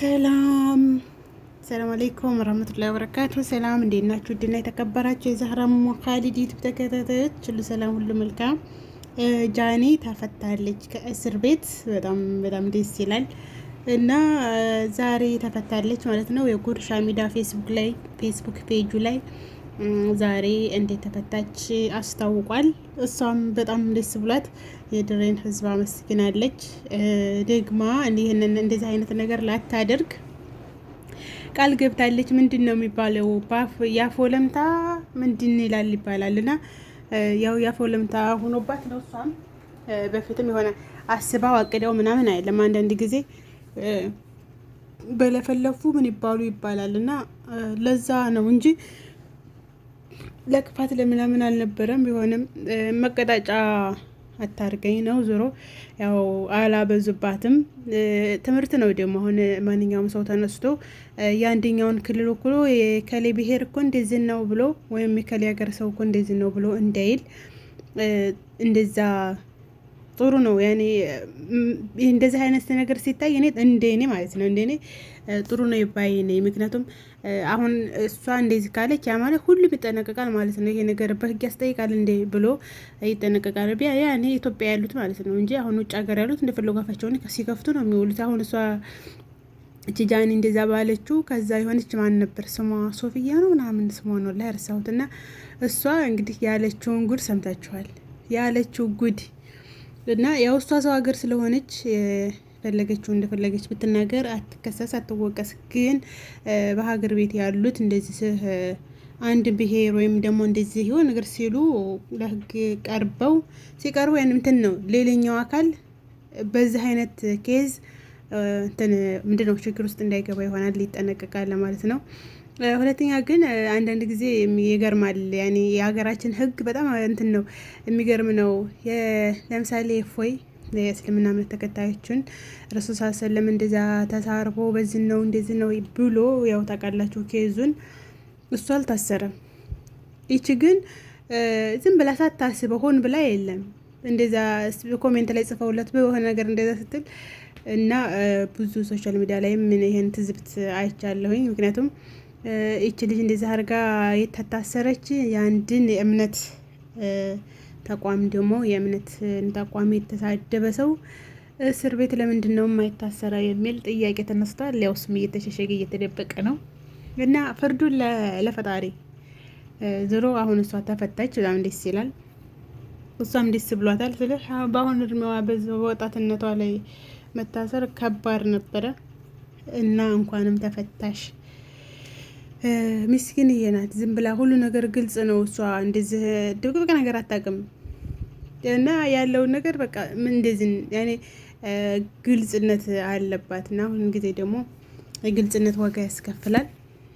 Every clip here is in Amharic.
ሰላም ሰላም አለይኩም ረህመቱላሂ ወበረካቱ። ሰላም እንዴት ናችሁ? ውድና የተከበራችሁ የዛህራ እሞ ኻሊድ ዩቲዩብ ተከታታዮች ሁሉ ሰላም፣ ሁሉ መልካም። ጃኒ ተፈታለች ከእስር ቤት በጣም በጣም ደስ ይላል። እና ዛሬ ተፈታለች ማለት ነው። የጉርሻ ሚዲያ ፌስቡክ ላይ ፌስቡክ ፔጁ ላይ ዛሬ እንደተፈታች አስታውቋል። እሷም በጣም ደስ ብሏት የድሬን ህዝብ አመስግናለች። ደግማ እንደዚህ አይነት ነገር ላታደርግ ቃል ገብታለች። ምንድን ነው የሚባለው? ለምታ ምንድን ይላል ይባላል እና ያው ለምታ ሆኖባት ነው። እሷም በፊትም የሆነ አስባው አቅደው ምናምን አይለም። አንዳንድ ጊዜ በለፈለፉ ምን ይባሉ ይባላል እና ለዛ ነው እንጂ ለክፋት ለምናምን አልነበረም። ቢሆንም መቀጣጫ አታርገኝ ነው። ዞሮ ያው አላበዙባትም። ትምህርት ነው ደግሞ አሁን ማንኛውም ሰው ተነስቶ የአንደኛውን ክልል ኩሎ የከሌ ብሄር እኮ እንደዚህ ነው ብሎ ወይም የከሌ ሀገር ሰው እኮ እንደዚህ ነው ብሎ እንዳይል እንደዛ ጥሩ ነው። ያኔ እንደዚህ አይነት ነገር ሲታይ እኔ እንደኔ ማለት ነው እንደኔ ጥሩ ነው ይባይ ነኝ። ምክንያቱም አሁን እሷ እንደዚህ ካለች ያ ማለት ሁሉም ይጠነቀቃል ማለት ነው። ይሄ ነገር በህግ ያስጠይቃል እንዴ ብሎ ይጠነቀቃል። ቢያ ያኔ ኢትዮጵያ ያሉት ማለት ነው እንጂ አሁን ውጭ ሀገር ያሉት እንደፈለጉ አፋቸውን ሲከፍቱ ነው የሚውሉት። አሁን እሷ ቺጃኒ እንደዛ ባለችው ከዛ የሆነች ማን ነበር ስሟ ሶፊያ ነው ምናምን ስሟ ነው ላይ ረሳሁት። እና እሷ እንግዲህ ያለችውን ጉድ ሰምታችኋል። ያለችው ጉድ እና የውስቷ ሰው ሀገር ስለሆነች ፈለገችው እንደፈለገች ብትናገር አትከሰስ፣ አትወቀስ። ግን በሀገር ቤት ያሉት እንደዚህ አንድ ብሄር ወይም ደግሞ እንደዚህ የሆነ ነገር ሲሉ ለህግ ቀርበው ሲቀርቡ ያን እንትን ነው ሌላኛው አካል በዚህ አይነት ኬዝ ምንድነው ችግር ውስጥ እንዳይገባ ይሆናል፣ ይጠነቀቃል ማለት ነው። ሁለተኛ ግን አንዳንድ ጊዜ ይገርማል። ያኔ የሀገራችን ህግ በጣም እንትን ነው የሚገርም ነው። ለምሳሌ ፎይ የእስልምና እምነት ተከታዮችን ረሱል ስ ሰለም እንደዛ ተሳርፎ በዚህ ነው እንደዚህ ነው ብሎ ያው ታውቃላችሁ፣ ኬዙን እሱ አልታሰረም። ይቺ ግን ዝም ብላ ሳታስበው ሆን ብላ የለም እንደዛ ኮሜንት ላይ ጽፈውለት በሆነ ነገር እንደዛ ስትል እና ብዙ ሶሻል ሚዲያ ላይም ይሄን ትዝብት አይቻለሁኝ ምክንያቱም ይች ልጅ እንደዚህ አድርጋ የተታሰረች የአንድን የእምነት ተቋም ደግሞ የእምነት ተቋም የተሳደበ ሰው እስር ቤት ለምንድን ነው የማይታሰረ የሚል ጥያቄ ተነስቷል። ያው እሱም እየተሸሸገ እየተደበቀ ነው እና ፍርዱን ለፈጣሪ ዝሮ አሁን እሷ ተፈታች። በጣም ደስ ይላል። እሷም ደስ ብሏታል። ስለ በአሁን እድሜዋ በወጣትነቷ ላይ መታሰር ከባድ ነበረ እና እንኳንም ተፈታሽ ምስኪን እየናት ዝም ብላ ሁሉ ነገር ግልጽ ነው። እሷ እንደዚህ ድብቅብቅ ነገር አታውቅም። እና ያለውን ነገር በቃ ምን እንደዚህ ያኔ ግልጽነት አለባት እና አሁን ጊዜ ደግሞ የግልጽነት ዋጋ ያስከፍላል።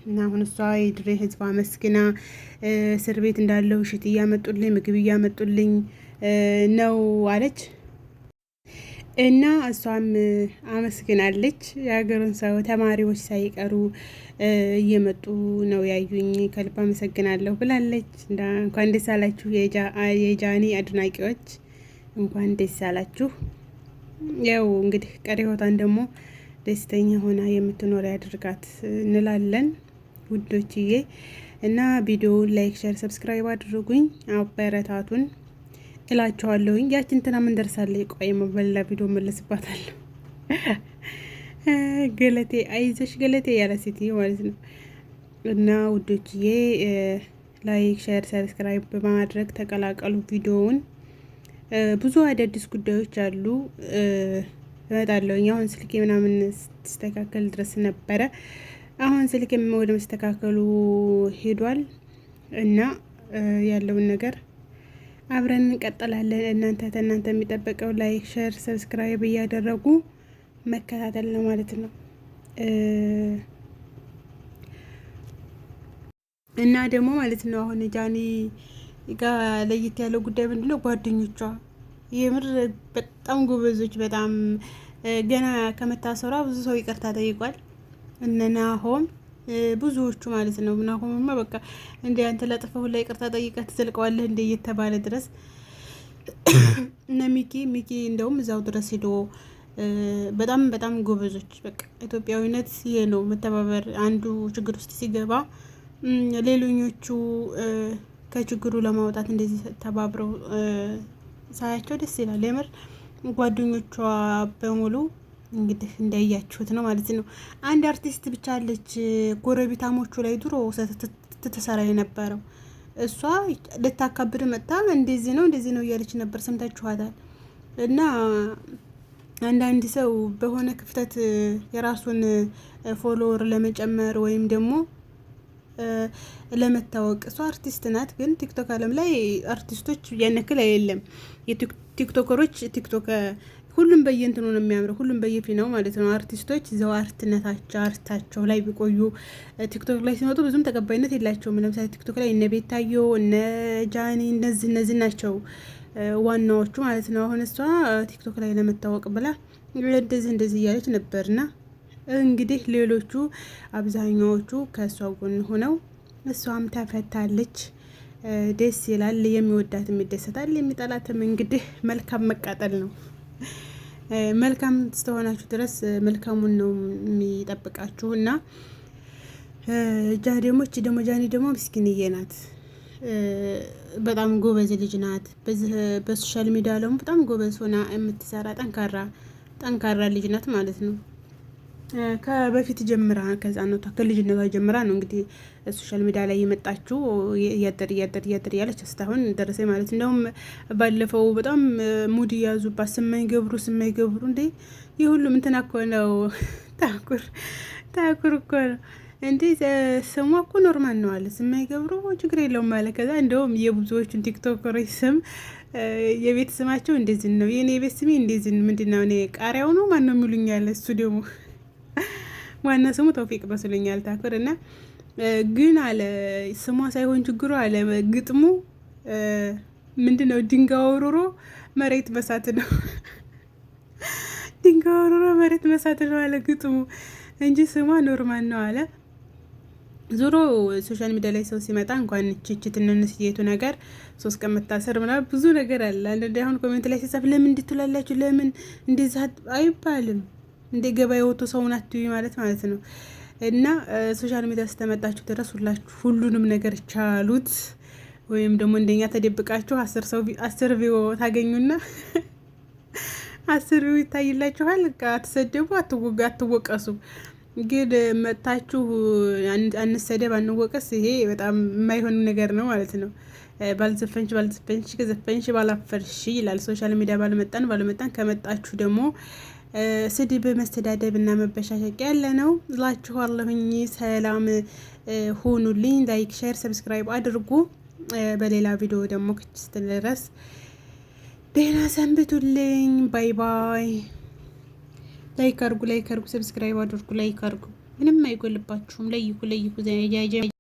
እና አሁን እሷ የድሬ ህዝብ አመስግና እስር ቤት እንዳለው ሽት እያመጡልኝ ምግብ እያመጡልኝ ነው አለች። እና እሷም አመስግናለች። የሀገሩን ሰው ተማሪዎች ሳይቀሩ እየመጡ ነው ያዩኝ፣ ከልብ አመሰግናለሁ ብላለች። እንኳን ደስ አላችሁ የጃኒ አድናቂዎች፣ እንኳን ደስ አላችሁ። ያው እንግዲህ ቀሪ ህይወቷን ደግሞ ደስተኛ ሆና የምትኖር ያድርጋት እንላለን ውዶችዬ። እና ቪዲዮውን ላይክ፣ ሸር፣ ሰብስክራይብ አድርጉኝ፣ አበረታቱን። እላቸዋለሁኝ። ያችን እንትና ምን ደርሳለች? ቆይ በሌላ ቪዲዮ መለስባታለሁ። ገለቴ አይዘሽ ገለቴ ያለ ሴትዮ ማለት ነው። እና ውዶችዬ ላይክ፣ ሼር፣ ሰብስክራይብ በማድረግ ተቀላቀሉ ቪዲዮውን። ብዙ አዳዲስ ጉዳዮች አሉ እመጣለሁኝ። አሁን ስልክ ምናምን ስተካከል ድረስ ነበረ። አሁን ስልክ ወደ መስተካከሉ ሄዷል እና ያለውን ነገር አብረን እንቀጥላለን። እናንተ ከእናንተ የሚጠበቀው ላይክ፣ ሸር፣ ሰብስክራይብ እያደረጉ መከታተል ነው ማለት ነው። እና ደግሞ ማለት ነው አሁን ጃኒ ጋር ለየት ያለው ጉዳይ ምንድነው? ጓደኞቿ የምር በጣም ጎበዞች፣ በጣም ገና ከመታሰሯ ብዙ ሰው ይቅርታ ጠይቋል እነ ናሆም ብዙዎቹ ማለት ነው። ምናሁምማ በቃ እንደ አንተ ለጥፈው ላይ ይቅርታ ጠይቀህ ትዘልቀዋለህ እንደ እየተባለ ድረስ እነ ሚኪ ሚኪ እንደውም እዛው ድረስ ሄዶ በጣም በጣም ጎበዞች። በቃ ኢትዮጵያዊነት ይሄ ነው መተባበር። አንዱ ችግር ውስጥ ሲገባ ሌሎኞቹ ከችግሩ ለማውጣት እንደዚህ ተባብረው ሳያቸው ደስ ይላል የምር ጓደኞቿ በሙሉ እንግዲህ እንዳያችሁት ነው ማለት ነው። አንድ አርቲስት ብቻ አለች ጎረቤታሞቹ ላይ ድሮ ስትሰራ የነበረው እሷ ልታካብድ መጥታ እንደዚህ ነው እንደዚህ ነው እያለች ነበር፣ ሰምታችኋታል። እና አንዳንድ ሰው በሆነ ክፍተት የራሱን ፎሎወር ለመጨመር ወይም ደግሞ ለመታወቅ እሷ አርቲስት ናት። ግን ቲክቶክ አለም ላይ አርቲስቶች ያነክል ያክል የቲክቶከሮች ቲክቶክ ሁሉም በየእንትኑ ነው የሚያምረው። ሁሉም ነው ማለት ነው። አርቲስቶች ዘው አርትነታቸው አርታቸው ላይ ቢቆዩ ቲክቶክ ላይ ሲመጡ ብዙም ተቀባይነት የላቸውም። ለምሳሌ ቲክቶክ ላይ እነ ቤታዮ እነ ጃኒ እነዚህ እነዚህ ናቸው ዋናዎቹ ማለት ነው። አሁን እሷ ቲክቶክ ላይ ለመታወቅ ብላ እንደዚህ እንደዚህ እያለች ነበርና እንግዲህ ሌሎቹ አብዛኛዎቹ ከእሷ ጎን ሆነው እሷም ተፈታለች። ደስ ይላል። የሚወዳትም ይደሰታል፣ የሚጠላትም እንግዲህ መልካም መቃጠል ነው። መልካም ስተሆናችሁ ድረስ መልካሙን ነው የሚጠብቃችሁ እና እጃ ደግሞ እቺ ደግሞ ጃኒ ደግሞ ምስኪንዬ ናት። በጣም ጎበዝ ልጅ ናት። በሶሻል ሚዲያ ደግሞ በጣም ጎበዝ ሆና የምትሰራ ጠንካራ ጠንካራ ልጅ ናት ማለት ነው። ከበፊት ጀምራ ከህፃንነቷ ከልጅነቷ ጀምራ ነው እንግዲህ ሶሻል ሚዲያ ላይ የመጣችው እያደር እያደር እያደር እያለች እስካሁን ደረሰ ማለት እንደውም ባለፈው በጣም ሙድ የያዙባት ስማኝ ገብሩ ስማኝ ገብሩ እንዴ የሁሉም እንትና እኮ ነው ታኩር ታኩር እኮ ነው እንዴ ስሟ እኮ ኖርማል ነው አለ ስማኝ ገብሩ ችግር የለውም አለ ከዛ እንደውም የብዙዎቹን ቲክቶከሮች ስም የቤት ስማቸው እንደዚህ ነው የእኔ የቤት ስሜ እንደዚህ ምንድን ነው እኔ ቃሪያው ነው ማን ነው የሚሉኛል እሱ ደግሞ ዋና ስሙ ተውፊቅ መስሉኛል ታኩር እና ግን አለ ስሟ ሳይሆን ችግሩ አለ ግጥሙ ምንድን ነው? ድንጋይ ወርውሮ መሬት መሳት ነው። ድንጋይ ወርውሮ መሬት መሳት ነው አለ ግጥሙ እንጂ ስሟ ኖርማል ነው አለ። ዞሮ ሶሻል ሚዲያ ላይ ሰው ሲመጣ እንኳን ችችት ትንንስ የቱ ነገር ሶስት ቀን መታሰር ምናምን ብዙ ነገር አለ። አንዳንዴ አሁን ኮሜንት ላይ ሲጻፍ ለምን እንድትላላችሁ ለምን እንደዛ አይባልም። እንደ ገበያ ወጥቶ ሰውን አትዩ ማለት ማለት ነው። እና ሶሻል ሚዲያ ስተመጣችሁ ድረስ ሁላችሁ ሁሉንም ነገር ቻሉት። ወይም ደግሞ እንደኛ ተደብቃችሁ አስር ሰው አስር ቪው ታገኙና አስር ቪው ይታይላችኋል። አትሰደቡ፣ አትወቀሱ። ግን መጥታችሁ አንሰደብ፣ አንወቀስ፣ ይሄ በጣም የማይሆን ነገር ነው ማለት ነው። ባልዘፈንሽ ባልዘፈንሽ ከዘፈንሽ ባላፈርሽ ይላል ሶሻል ሚዲያ። ባልመጣን ባልመጣን ከመጣችሁ ደግሞ ስድብ መስተዳደብ እና መበሻሸቅ ያለ ነው እላችኋለሁኝ። ሰላም ሁኑልኝ። ላይክ፣ ሼር፣ ሰብስክራይብ አድርጉ። በሌላ ቪዲዮ ደግሞ ክችስትን ድረስ ደህና ሰንብቱልኝ። ባይ ባይ። ላይክ አርጉ፣ ላይክ አርጉ፣ ሰብስክራይብ አድርጉ፣ ላይክ አርጉ። ምንም አይጎልባችሁም። ለይኩ ለይኩ